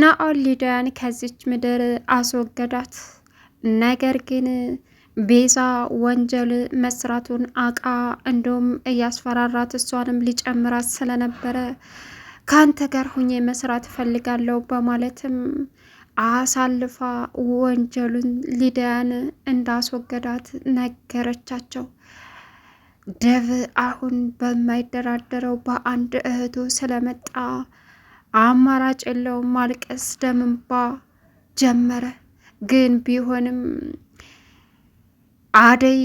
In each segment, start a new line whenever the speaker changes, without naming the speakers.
ናኦል ሊዳያን ከዚች ምድር አስወገዳት። ነገር ግን ቤዛ ወንጀል መስራቱን አቃ እንዲሁም እያስፈራራት እሷንም ሊጨምራት ስለነበረ ከአንተ ጋር ሁኜ መስራት እፈልጋለሁ በማለትም አሳልፋ ወንጀሉን ሊዳያን እንዳስወገዳት ነገረቻቸው። ደቭ አሁን በማይደራደረው በአንድ እህቱ ስለመጣ አማራጭ የለውም። ማልቀስ ደምንባ ጀመረ። ግን ቢሆንም አደይ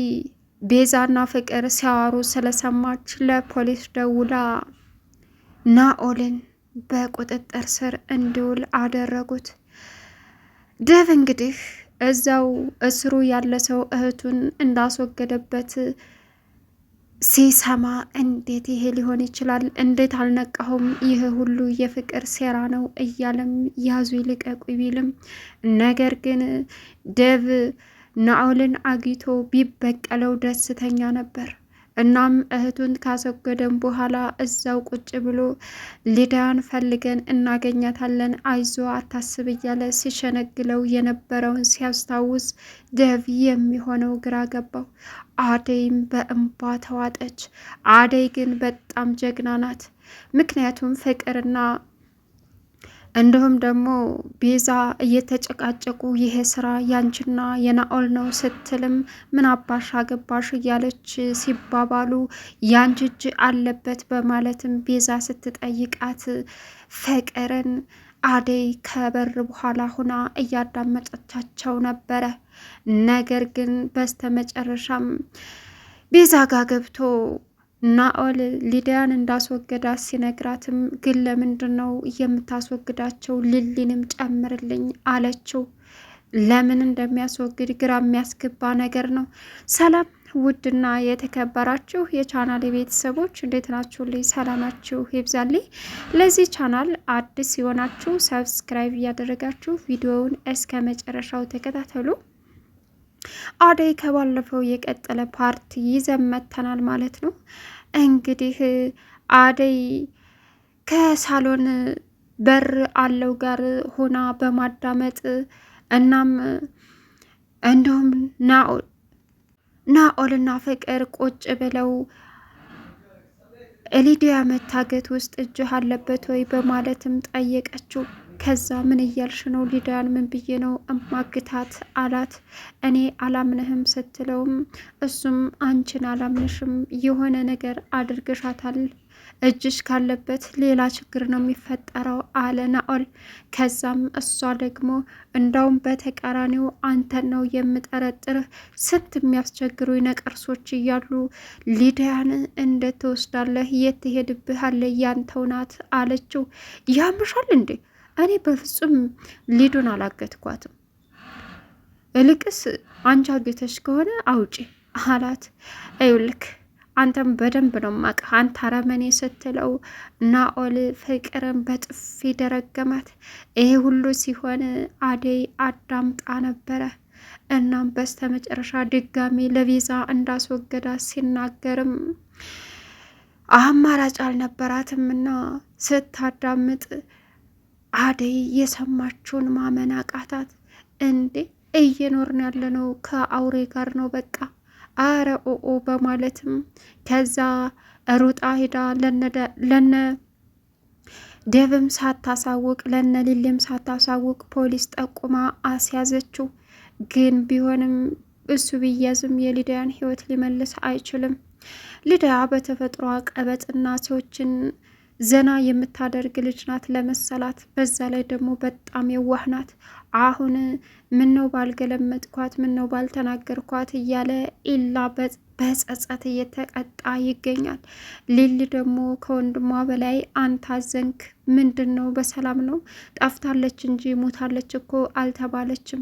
ቤዛና ፍቅር ሲያወሩ ስለሰማች ለፖሊስ ደውላ ናኦልን በቁጥጥር ስር እንዲውል አደረጉት። ደቭ እንግዲህ እዛው እስሩ ያለ ሰው እህቱን እንዳስወገደበት ሲሰማ እንዴት ይሄ ሊሆን ይችላል? እንዴት አልነቃሁም? ይህ ሁሉ የፍቅር ሴራ ነው እያለም ያዙ ይልቀቁ ቢልም ነገር ግን ደብ ናኦልን አግኝቶ ቢበቀለው ደስተኛ ነበር። እናም እህቱን ካስወገደን በኋላ እዛው ቁጭ ብሎ ሊዳን ፈልገን እናገኛታለን፣ አይዞ አታስብ እያለ ሲሸነግለው የነበረውን ሲያስታውስ ደቪ የሚሆነው ግራ ገባው። አደይም በእንባ ተዋጠች። አደይ ግን በጣም ጀግና ናት። ምክንያቱም ፍቅርና እንዲሁም ደግሞ ቤዛ እየተጨቃጨቁ ይሄ ስራ ያንቺና የናኦል ነው ስትልም ምን አባሽ አገባሽ እያለች ሲባባሉ ያንች እጅ አለበት በማለትም ቤዛ ስትጠይቃት ፍቅርን አደይ ከበር በኋላ ሁና እያዳመጠቻቸው ነበረ። ነገር ግን በስተመጨረሻም ቤዛ ጋ ገብቶ ናኦል ሊዲያን እንዳስወገዳት ሲነግራትም ግን ለምንድን ነው የምታስወግዳቸው? ሊሊንም ጨምርልኝ አለችው። ለምን እንደሚያስወግድ ግራ የሚያስገባ ነገር ነው። ሰላም ውድና የተከበራችሁ የቻናል ቤተሰቦች እንዴት ናችሁ? ልይ ሰላማችሁ ይብዛልኝ። ለዚህ ቻናል አዲስ የሆናችሁ ሰብስክራይብ እያደረጋችሁ ቪዲዮውን እስከ መጨረሻው ተከታተሉ። አደይ ከባለፈው የቀጠለ ፓርት ይዘመተናል ማለት ነው። እንግዲህ አደይ ከሳሎን በር አለው ጋር ሆና በማዳመጥ እናም እንዲሁም ናኦልና ፍቅር ቁጭ ብለው ሊዲያ መታገት ውስጥ እጅህ አለበት ወይ በማለትም ጠየቀችው። ከዛ ምን እያልሽ ነው ሊዳን? ምን ብዬ ነው እማግታት አላት። እኔ አላምንህም ስትለውም እሱም አንቺን አላምንሽም፣ የሆነ ነገር አድርገሻታል እጅሽ ካለበት ሌላ ችግር ነው የሚፈጠረው አለ ናኦል። ከዛም እሷ ደግሞ እንዳውም በተቃራኒው አንተን ነው የምጠረጥርህ ስንት የሚያስቸግሩ ነቀርሶች እያሉ ሊዳያን እንደትወስዳለህ የት ትሄድብህ አለ ያንተው ናት አለችው። ያምሻል እንዴ እኔ በፍጹም ሊዱን አላገትኳትም። እልቅስ አንቺ አግተሽ ከሆነ አውጪ አላት። ይኸውልህ አንተም በደንብ ነው የማውቅህ። አንተ አረመኔ ስትለው ናኦል ፍቅርን በጥፊ ደረገማት። ይሄ ሁሉ ሲሆን አደይ አዳምጣ ነበረ። እናም በስተመጨረሻ ድጋሚ ለቪዛ እንዳስወገዳት ሲናገርም አማራጭ አልነበራትም እና ስታዳምጥ አደይ የሰማችውን ማመን አቃታት። እንዴ እየኖርን ነው ከአውሬ ጋር ነው በቃ አረ ኦኦ በማለትም ከዛ ሩጣ ሄዳ ለነ ደብም ሳታሳውቅ ለነ ሊሌም ሳታሳውቅ ፖሊስ ጠቁማ አስያዘችው። ግን ቢሆንም እሱ ቢያዝም የሊዳያን ህይወት ሊመልስ አይችልም። ሊዳያ በተፈጥሮ ቀበጥና ሰዎችን ዘና የምታደርግ ልጅ ናት ለመሰላት። በዛ ላይ ደግሞ በጣም የዋህ ናት። አሁን ነው ባልገለመጥኳት፣ ነው ባልተናገርኳት እያለ ኢላ በጸጸት እየተቀጣ ይገኛል። ሊል ደግሞ ከወንድሟ በላይ አንታዘንክ ምንድን ነው? በሰላም ነው? ጠፍታለች እንጂ ሞታለች እኮ አልተባለችም።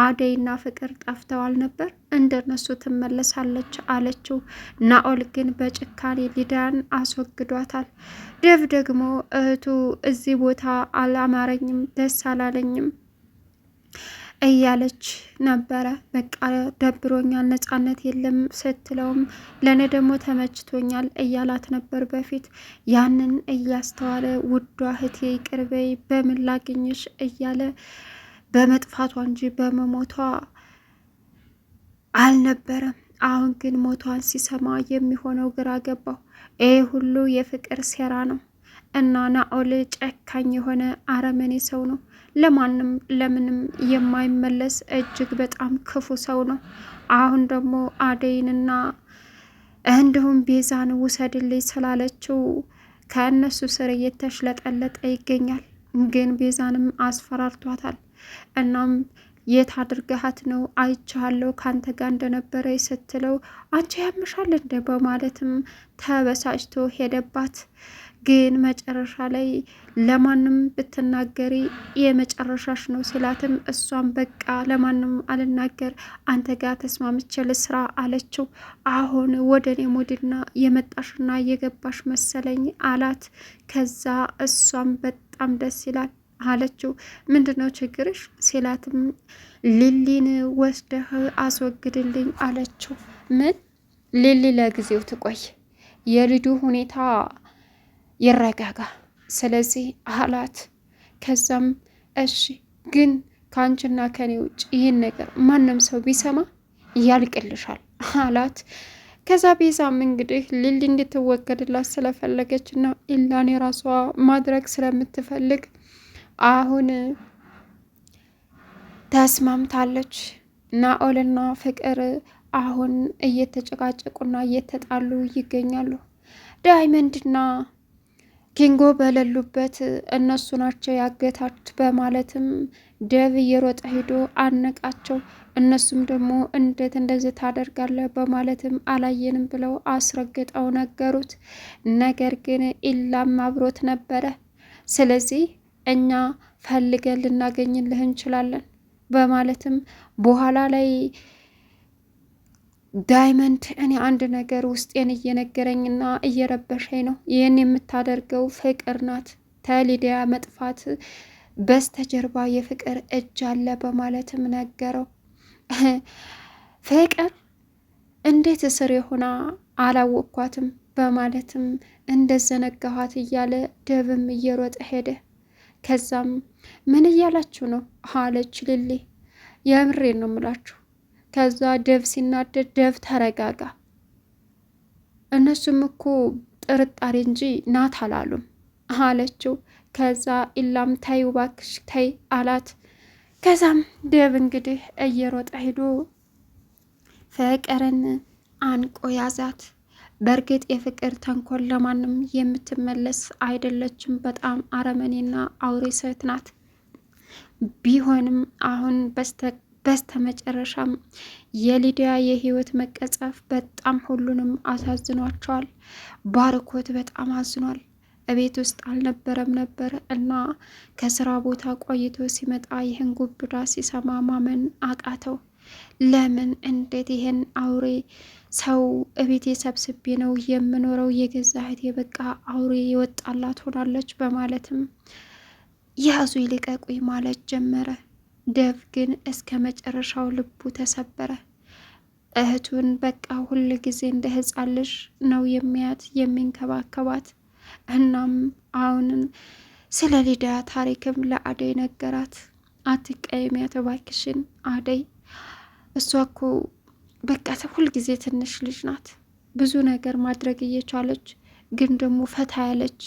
አደይና ፍቅር ጠፍተዋል ነበር፣ እንደነሱ ትመለሳለች አለችው። ናኦል ግን በጭካኔ ሊዳን አስወግዷታል። ደብ ደግሞ እህቱ እዚህ ቦታ አላማረኝም፣ ደስ አላለኝም እያለች ነበረ። በቃ ደብሮኛል፣ ነጻነት የለም ስትለውም ለእኔ ደግሞ ተመችቶኛል እያላት ነበር በፊት። ያንን እያስተዋለ ውዷ እህቴ ይቅር በምን ላግኝሽ እያለ በመጥፋቷ እንጂ በመሞቷ አልነበረም። አሁን ግን ሞቷን ሲሰማ የሚሆነው ግራ ገባው። ይህ ሁሉ የፍቅር ሴራ ነው። እና ናኦል ጨካኝ የሆነ አረመኔ ሰው ነው። ለማንም ለምንም የማይመለስ እጅግ በጣም ክፉ ሰው ነው። አሁን ደግሞ አደይንና እንዲሁም ቤዛን ውሰድልኝ ስላለችው ከእነሱ ስር እየተሽለጠለጠ ይገኛል። ግን ቤዛንም አስፈራርቷታል። እናም የት አድርገሃት ነው አይቻለሁ ካንተ ጋር እንደነበረ ስትለው አንቺ ያምሻል እንደ በማለትም ተበሳጭቶ ሄደባት። ግን መጨረሻ ላይ ለማንም ብትናገሪ የመጨረሻሽ ነው ሲላትም እሷም በቃ ለማንም አልናገር አንተ ጋር ተስማምቼ ልስራ አለችው። አሁን ወደ እኔ ሞድና የመጣሽና የገባሽ መሰለኝ አላት። ከዛ እሷም በጣም ደስ ይላል አለችው። ምንድን ነው ችግርሽ ሲላትም ሊሊን ወስደህ አስወግድልኝ አለችው። ምን ሊሊ ለጊዜው ትቆይ የልጁ ሁኔታ ይረጋጋ ስለዚህ አላት። ከዛም እሺ ግን ከአንቺና ከኔ ውጭ ይህን ነገር ማንም ሰው ቢሰማ ያልቅልሻል አላት። ከዛ ቤዛም እንግዲህ ሊሊ እንድትወገድላት ስለፈለገች እና ኢላን የራሷ ማድረግ ስለምትፈልግ አሁን ተስማምታለች። ናኦልና ፍቅር አሁን እየተጨቃጨቁና እየተጣሉ ይገኛሉ። ዳይመንድና ኪንጎ በሌሉበት እነሱ ናቸው ያገታች በማለትም ደብ እየሮጠ ሄዶ አነቃቸው። እነሱም ደግሞ እንዴት እንደዚህ ታደርጋለህ በማለትም አላየንም ብለው አስረግጠው ነገሩት። ነገር ግን ኢላም አብሮት ነበረ። ስለዚህ እኛ ፈልገን ልናገኝልህ እንችላለን በማለትም በኋላ ላይ ዳይመንድ እኔ አንድ ነገር ውስጤን እየነገረኝና እየረበሸኝ ነው። ይህን የምታደርገው ፍቅር ናት። ተሊዲያ መጥፋት በስተጀርባ የፍቅር እጅ አለ በማለትም ነገረው። ፍቅር እንዴት እስር የሆና አላወቅኳትም በማለትም እንደዘነጋኋት እያለ ደብም እየሮጠ ሄደ። ከዛም ምን እያላችሁ ነው አለች ሊሊ። የምሬን ነው ምላችሁ? ከዛ ደቭ ሲናደድ ደቭ ተረጋጋ፣ እነሱም እኮ ጥርጣሬ እንጂ ናት አላሉም አለችው። ከዛ ኢላም ታይ ውባክሽ ታይ አላት። ከዛም ደቭ እንግዲህ እየሮጠ ሄዶ ፍቅርን አንቆ ያዛት። በእርግጥ የፍቅር ተንኮል ለማንም የምትመለስ አይደለችም። በጣም አረመኔና አውሬ ሴት ናት። ቢሆንም አሁን በስተ በስተመጨረሻም የሊዲያ የህይወት መቀጸፍ በጣም ሁሉንም አሳዝኗቸዋል። ባርኮት በጣም አዝኗል። እቤት ውስጥ አልነበረም ነበር እና ከስራ ቦታ ቆይቶ ሲመጣ ይህን ጉብዳ ሲሰማ ማመን አቃተው። ለምን እንዴት ይህን አውሬ ሰው እቤቴ ሰብስቤ ነው የምኖረው፣ የገዛ እህቴ በቃ አውሬ የወጣላት ሆናለች በማለትም ያዙ ይልቀቁኝ ማለት ጀመረ። ደቭ ግን እስከ መጨረሻው ልቡ ተሰበረ። እህቱን በቃ ሁል ጊዜ እንደ ህፃን ልጅ ነው የሚያት የሚንከባከባት። እናም አሁንን ስለ ሊዳ ታሪክም ለአደይ ነገራት። አትቀየሚያት እባክሽን አደይ፣ እሷ እኮ በቃ ሁልጊዜ ትንሽ ልጅ ናት። ብዙ ነገር ማድረግ እየቻለች ግን ደግሞ ፈታ ያለች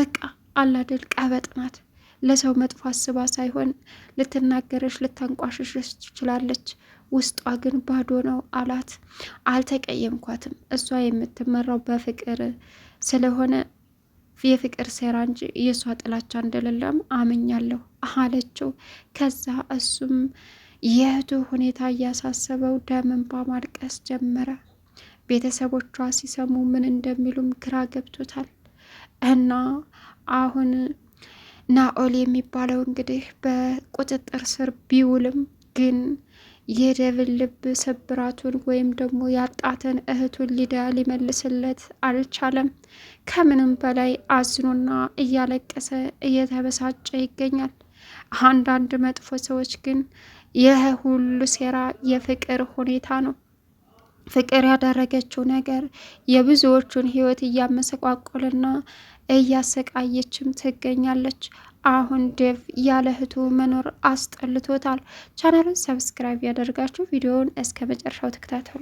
በቃ አላደል ቀበጥ ናት። ለሰው መጥፎ አስባ ሳይሆን ልትናገረሽ ልታንቋሽሽሽ ትችላለች፣ ውስጧ ግን ባዶ ነው አላት። አልተቀየምኳትም። እሷ የምትመራው በፍቅር ስለሆነ የፍቅር ሴራ እንጂ የእሷ ጥላቻ እንደሌለም አምኛለሁ አለችው። ከዛ እሱም የእህቱ ሁኔታ እያሳሰበው ደም እንባ ማልቀስ ጀመረ። ቤተሰቦቿ ሲሰሙ ምን እንደሚሉም ግራ ገብቶታል እና አሁን ናኦል የሚባለው እንግዲህ በቁጥጥር ስር ቢውልም ግን የደብል ልብ ስብራቱን ወይም ደግሞ ያጣትን እህቱን ሊዳ ሊመልስለት አልቻለም። ከምንም በላይ አዝኖና እያለቀሰ እየተበሳጨ ይገኛል። አንዳንድ መጥፎ ሰዎች ግን ይህ ሁሉ ሴራ የፍቅር ሁኔታ ነው። ፍቅር ያደረገችው ነገር የብዙዎቹን ሕይወት እያመሰቋቆልና እያሰቃየችም ትገኛለች። አሁን ዴቭ ያለ እህቱ መኖር አስጠልቶታል። ቻናሉን ሰብስክራይብ ያደርጋችሁ ቪዲዮውን እስከ መጨረሻው ተከታተሉ።